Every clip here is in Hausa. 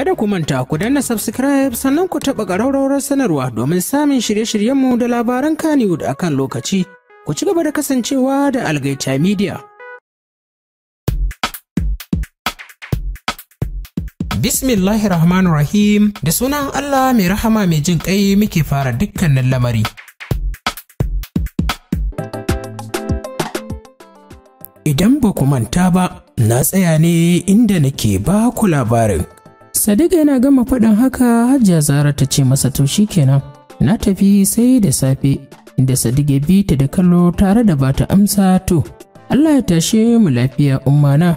Kada ku manta ku danna subscribe sannan ku taɓa ƙararrawar sanarwa domin samun shirye-shiryenmu da labaran Kannywood a kan lokaci. Ku ci gaba da kasancewa da Algaita Media. Bismillahir Rahim da sunan Allah mai rahama mai jin ƙai muke fara dukkanin lamari. Idan ba ku manta ba, na tsaya ne inda nake ba ku labarin sadiq yana gama faɗin haka Hajiya zara ta ce masa to kenan na tafi sai da safe inda sadiq bi ta da kallo tare da bata amsa to allah ya tashe mu lafiya ummana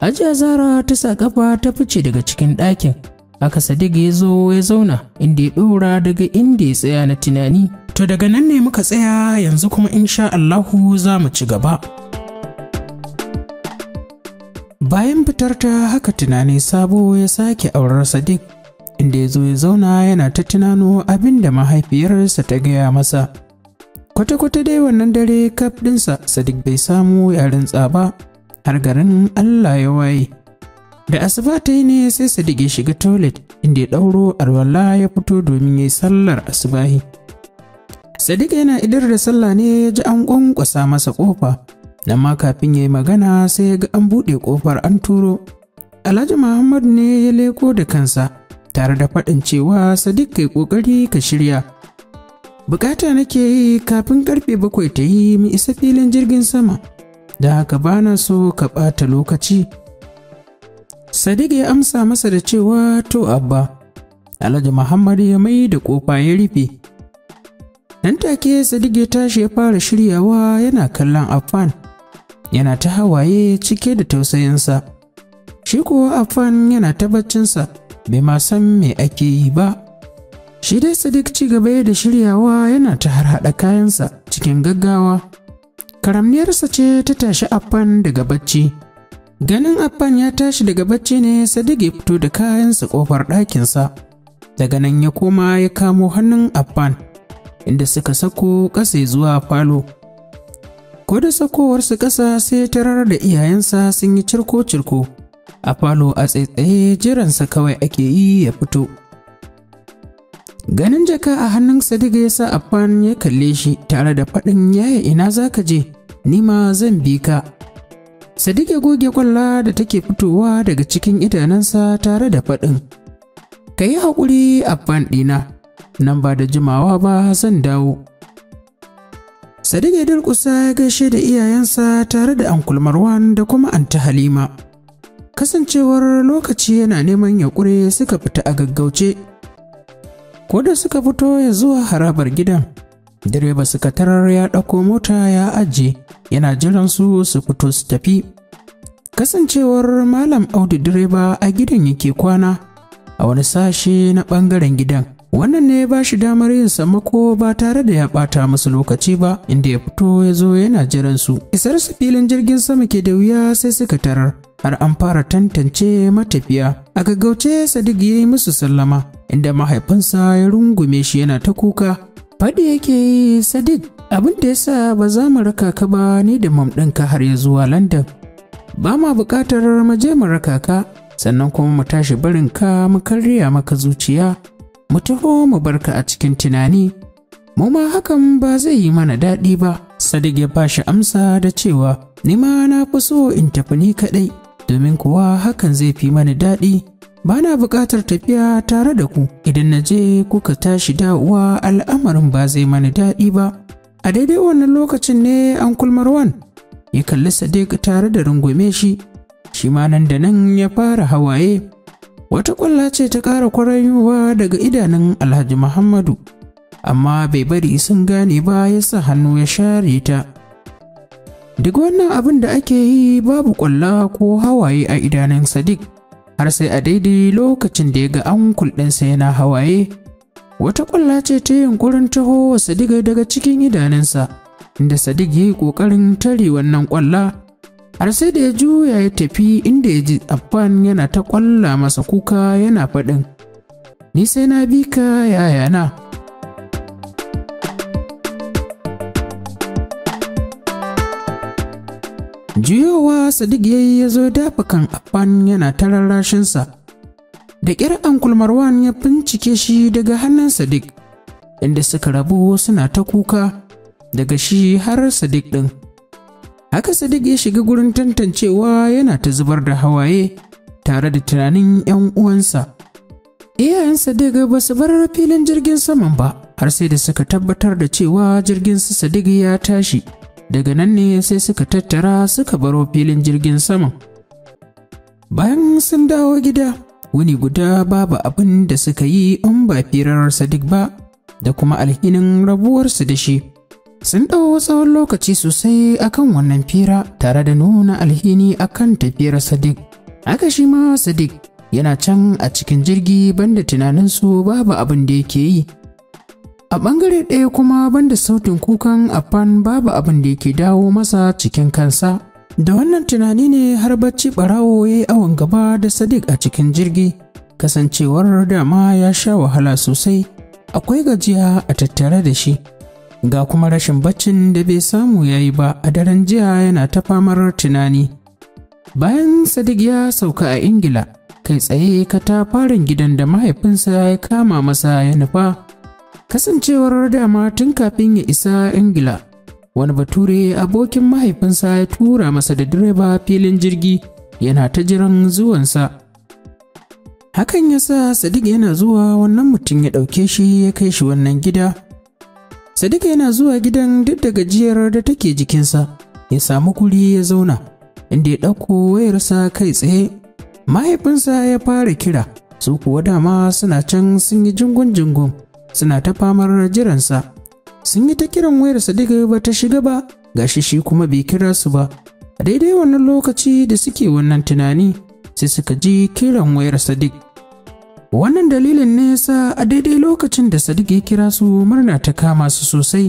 Hajiya zara ta sa kafa ta fice daga cikin ɗakin haka sadiq ya zo ya zauna inda ya ɗora daga inda ya tsaya na tunani to daga nan ne muka tsaya yanzu kuma insha allahu za mu ci gaba Bayan fitar ta haka tunani sabo ya sake aurar Sadiq, inda ya zo ya zauna yana ta tunano abin da mahaifiyarsa ta gaya masa. Kwata-kwata dai wannan dare kaf ɗinsa Sadiq bai samu yaren tsaba har garin Allah ya waye. Da asuba ta yi ne sai Sadiq ya shiga toilet inda ya ɗauro alwala ya fito domin ya yi sallar asubahi. Sadiq yana idar da sallah ne ya ji an ƙwanƙwasa masa ƙofa. na ma kafin ya yi magana sai ya ga an buɗe ƙofar an turo alhaji muhammad ne ya leko da kansa tare da faɗin cewa sadiq kai ƙoƙari ka shirya bukata nake yi kafin karfe bakwai ta yi mu isa filin jirgin sama da haka bana so ka ɓata lokaci sadiq ya amsa masa da cewa to abba alhaji muhammad ya mai da ƙofa ya rufe nan take sadiq ya tashi ya fara shiryawa yana kallon afan yana ta hawaye cike da tausayinsa shi kuwa afan yana ta bai ma san me ake yi ba shi dai sadiq ci gaba da shiryawa yana ta harhaɗa kayansa cikin gaggawa karamniyarsa ce ta tashi afan daga bacci ganin afan ya tashi daga bacci ne sadiq ya fito da kayansa ƙofar ɗakinsa daga nan ya koma ya kamo hannun afan inda suka sako ƙasa zuwa falo ko da su ƙasa sai ya tarar da iyayensa sun yi cirko-cirko a falo a tsaitsaye jiransa kawai ake yi ya fito ganin jaka a hannun sadiga ya sa afan ya kalle shi tare da faɗin yaya ina za ka je ni ma zan bi ka sadiga goge kwalla da take fitowa daga cikin idanunsa tare da faɗin ka yi haƙuri afan ɗina nan ba da jimawa ba zan dawo Sadiq ya durƙusa ya gaishe da iyayensa tare da Uncle Marwan da kuma Anta Halima. Kasancewar lokaci yana neman yaƙure suka fita a gaggauce. Ko da suka fito ya zuwa harabar gidan, direba suka tarar ya ɗauko mota ya ajiye yana jiran su su fito su tafi. Kasancewar Malam Audu direba a gidan yake kwana a wani sashe na ɓangaren gidan. wannan ne ya ba shi damar yin sammako ba tare da ya ɓata musu lokaci ba inda ya fito ya zo yana jiran su isar su filin jirgin sama ke da wuya sai suka tarar har an fara tantance matafiya a gaggauce sadiq ya yi musu sallama inda mahaifinsa ya rungume shi yana ta kuka faɗi yake yi sadiq abin da yasa ba za mu raka ka ba ni da mam ɗinka har ya zuwa Landan. ba ma buƙatar mu je mu raka ka sannan kuma mu tashi barin ka mu karya maka zuciya mu taho mu barka a cikin tunani mu ma hakan ba zai yi mana daɗi ba sadiq ya ba shi amsa da cewa ni ma na fi so in tafi ni kaɗai domin kuwa hakan zai fi mana daɗi ba na buƙatar tafiya tare da ku idan na je kuka tashi dawowa al'amarin ba zai mana daɗi ba a daidai wannan lokacin ne an kulmarwan ya kalli sadiq tare da rungume shi shi ma nan da nan ya fara hawaye wata kwalla ce ta ƙara kwarayuwa daga idanun alhaji muhammadu amma bai bari sun gane ba ya sa hannu ya share ta duk wannan abin da ake yi babu ƙwalla ko hawaye a idanun sadiq har sai a daidai lokacin da ya ga ankul ɗinsa yana hawaye wata ƙwalla ce ta yunkurin taho wa sadiq daga cikin idanunsa inda sadiq ya yi ƙoƙarin tare wannan ƙwallo. har sai da ya juya ya tafi inda ya ji afan yana ta ƙwalla masa kuka yana faɗin ni sai na bi ka na. juyowa sadiq ya ya zo dafa kan afan yana ta rarrashinsa da ƙyar ankul ya bincike shi daga hannun sadiq inda suka rabu suna ta kuka daga shi har sadiq ɗin Haka Sadiq ya shiga gurin tantancewa yana ta zubar da hawaye tare da tunanin 'yan uwansa. Iyayen Sadiq ba su bar filin jirgin saman ba, har sai da suka tabbatar da cewa jirgin su Sadiq ya tashi. Daga nan ne sai suka tattara suka baro filin jirgin saman. Bayan sun dawo gida, wuni guda babu abin da suka yi in ba firar Sadiq ba da kuma alhinin rabuwarsu da shi. Sun ɗau tsawon lokaci sosai akan wannan fira tare da nuna alhini akan tafiyar Sadiq. Haka shi ma Sadiq yana can a cikin jirgi banda tunaninsu babu abin da yake yi. A ɓangare ɗaya kuma banda sautin kukan afan babu abin da yake dawo masa cikin kansa. Da wannan tunani ne har bacci ɓarawo ya yi awon gaba da Sadiq a cikin jirgi, kasancewar dama ya sha wahala sosai, akwai gajiya a tattare da shi. ga kuma rashin baccin da bai samu ya yi ba a daren jiya yana ta famar tunani bayan sadiq ya sauka a ingila kai tsaye katafaren gidan da mahaifinsa ya kama masa ya nufa kasancewar dama tun kafin ya isa ingila wani bature abokin mahaifinsa ya tura masa da direba filin jirgi yana ta jiran zuwansa hakan ya sa sadiq yana zuwa wannan mutum ya ɗauke shi ya kai shi wannan gida Sadiqa yana zuwa gidan duk da gajiyar da take jikinsa, ya samu kuri ya zauna, inda ya ɗauko wayarsa kai tsaye. Mahaifinsa ya fara kira, su kuwa dama suna can sun yi jingun-jingun, suna ta famar jiransa. Sun yi ta kiran wayar Sadiqa ba ta shiga ba, gashi shi kuma bai kira su ba. A daidai wannan lokaci da suke wannan tunani, sai suka ji kiran wayar Sadiqa. Wannan dalilin ne yasa a daidai lokacin da Sadiq ya kira su murna ta kama su sosai.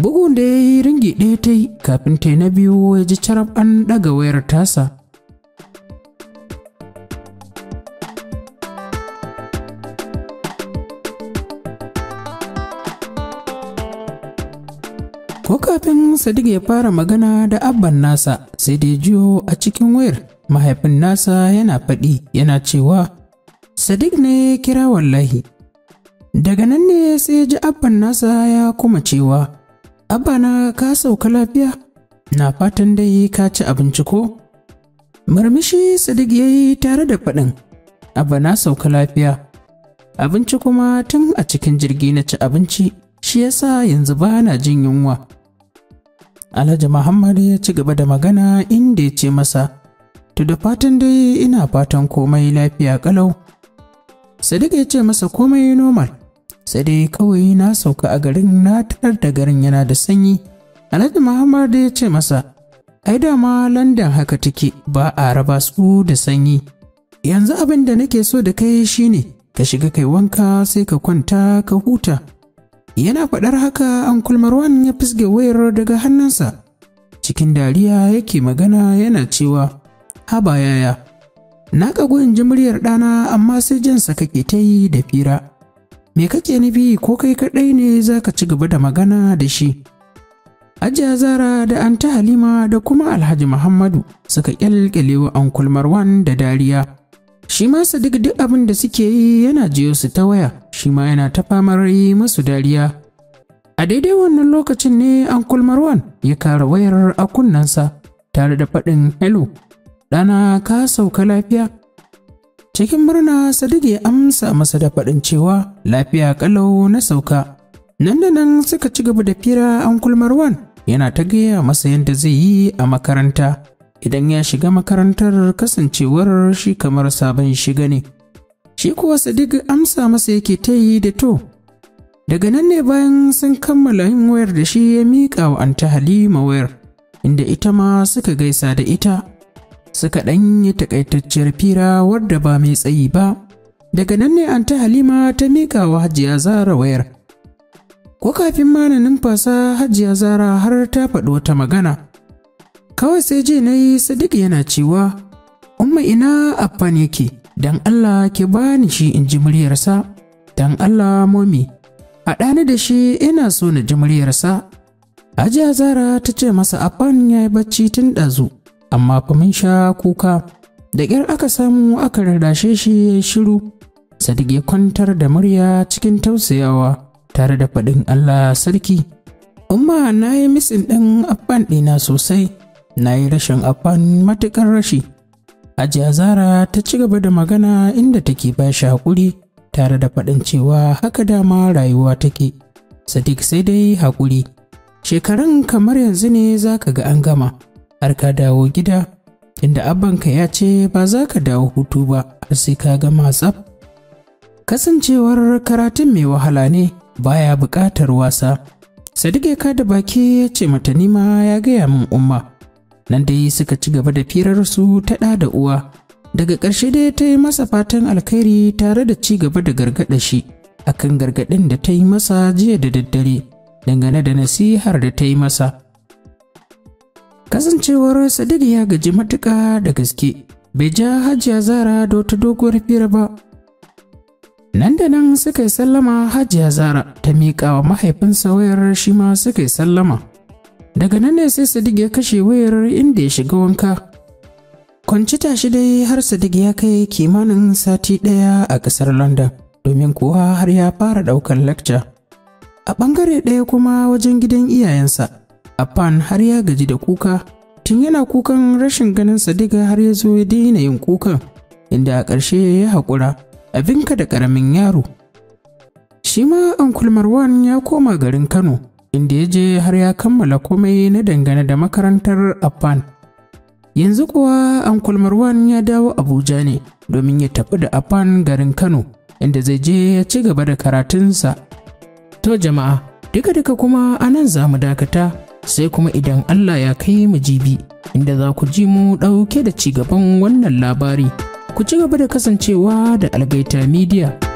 Bugun da ya yi ringi ɗaya ta yi kafin ta na biyu ya ji carab an ɗaga wayar tasa. Ko kafin Sadiq ya fara magana da abban nasa sai da ya jiyo a cikin wayar mahaifin nasa yana faɗi yana cewa Sadiq ne ya kira wallahi. Daga nan ne sai ya ji abban nasa ya kuma cewa, Abba ka sauka lafiya? Na fatan dai ka ci abinci ko? Murmushi Sadiq ya yi tare da faɗin, Abba na sauka lafiya. Abinci kuma tun a cikin jirgi na ci abinci, shi yasa yanzu ba na jin yunwa. Alhaji Muhammad ya ci gaba da magana inda ya ce masa, To da fatan dai ina fatan komai lafiya ƙalau. Sadiq ya ce masa komai normal, sai dai kawai na sauka a garin na tarar da garin yana da sanyi. Alhaji Muhammad ya ce masa, ai dama London haka take ba a raba su da sanyi. Yanzu abin da nake so da kai shine ka shiga kai wanka sai ka kwanta ka huta. Yana faɗar haka an kulmarwan ya fisge wayar daga hannunsa. Cikin dariya yake magana yana cewa, Haba yaya, Na ga in ji muryar ɗana amma sai jinsa kake ta da fira. Me kake nufi ko kai kaɗai ne za ka ci gaba da magana da shi? Ajiye Zara da Anta Halima da kuma Alhaji Muhammadu suka kyalkyale wa Uncle Marwan da Dariya. Shi ma Sadiq duk duk abin da suke yi yana jiyo su ta waya, shi ma yana ta famar yi musu dariya. A daidai wannan lokacin ne Uncle Marwan ya kara wayar a kunnensa tare da faɗin hello ɗana ka sauka lafiya cikin murna sadiq ya amsa masa da faɗin cewa lafiya kalau na sauka nan da nan suka ci gaba da fira an kulmarwan yana ta gaya masa yadda zai yi a makaranta idan ya shiga makarantar kasancewar shi kamar sabon shiga ne shi kuwa sadiq amsa masa yake ta yi da to daga nan ne bayan sun kammala yin wayar da shi ya miƙa wa anta halima wayar inda ita ma suka gaisa da ita suka ɗan yi takaitacciyar fira wadda ba mai tsayi ba daga nan ne an ta halima ta miƙa wa hajiya zara wayar ko kafin ma na numfasa hajiya zara har ta faɗi wata magana kawai sai je na yi sadiq yana cewa umma ina affan yake don allah ki bani shi in ji muryarsa don allah momi a ɗani da shi ina so na ji muryarsa hajiya zara ta ce masa affan ya yi bacci tun ɗazu amma fa mun sha kuka da ƙyar aka samu aka rarrashe shi ya shiru sadiq ya kwantar da murya cikin tausayawa tare da faɗin allah sarki umma na yi misin ɗin abban ɗina sosai na yi rashin abban matuƙar rashi ajiya Zara ta ci gaba da magana inda take ba shi haƙuri tare da faɗin cewa haka dama rayuwa take. Sadiq sai dai haƙuri. Shekarun kamar yanzu ne za ka ga an gama, har ka dawo gida inda abbanka ya ce ba za ka dawo hutu ba har sai ka gama tsaf kasancewar karatun mai wahala ne baya buƙatar wasa sadiq ya kada baki ya ce mata nima ya gaya min umma nan dai suka ci gaba da firarsu ta ɗa da uwa daga ƙarshe dai ta yi masa fatan alkhairi tare da ci gaba da gargaɗa shi akan gargaɗin da ta yi masa jiya da daddare dangane da nasihar da ta yi masa kasancewar sadiq ya gaji matuka da gaske bai ja hajiya zara da wata doguwar fira ba nan da nan suka yi sallama hajiya zara ta miƙa wa mahaifinsa wayar shi ma suka yi sallama daga nan ne sai sadiq ya kashe wayar inda ya shiga wanka kwanci tashi dai har sadiq ya kai kimanin sati ɗaya a ƙasar london domin kuwa har ya fara ɗaukar lecture a ɓangare ɗaya kuma wajen gidan iyayensa Affan har ya gaji da kuka, tun yana kukan rashin ganin Sadiga har ya zo ya daina yin kukan, inda a ƙarshe ya haƙura, abinka da ƙaramin yaro. Shi ma Uncle Marwan ya koma garin Kano, inda ya je har ya kammala komai na dangane da makarantar Affan. Yanzu kuwa Uncle Marwan ya dawo Abuja ne domin ya tafi da Affan garin Kano, inda zai je ya ci gaba da karatunsa. To jama'a, duka-duka kuma a nan za mu dakata. sai kuma idan Allah ya kai mu jibi inda za ku ji mu ɗauke da ci gaban wannan labari. Ku ci gaba da kasancewa da Algaita Media.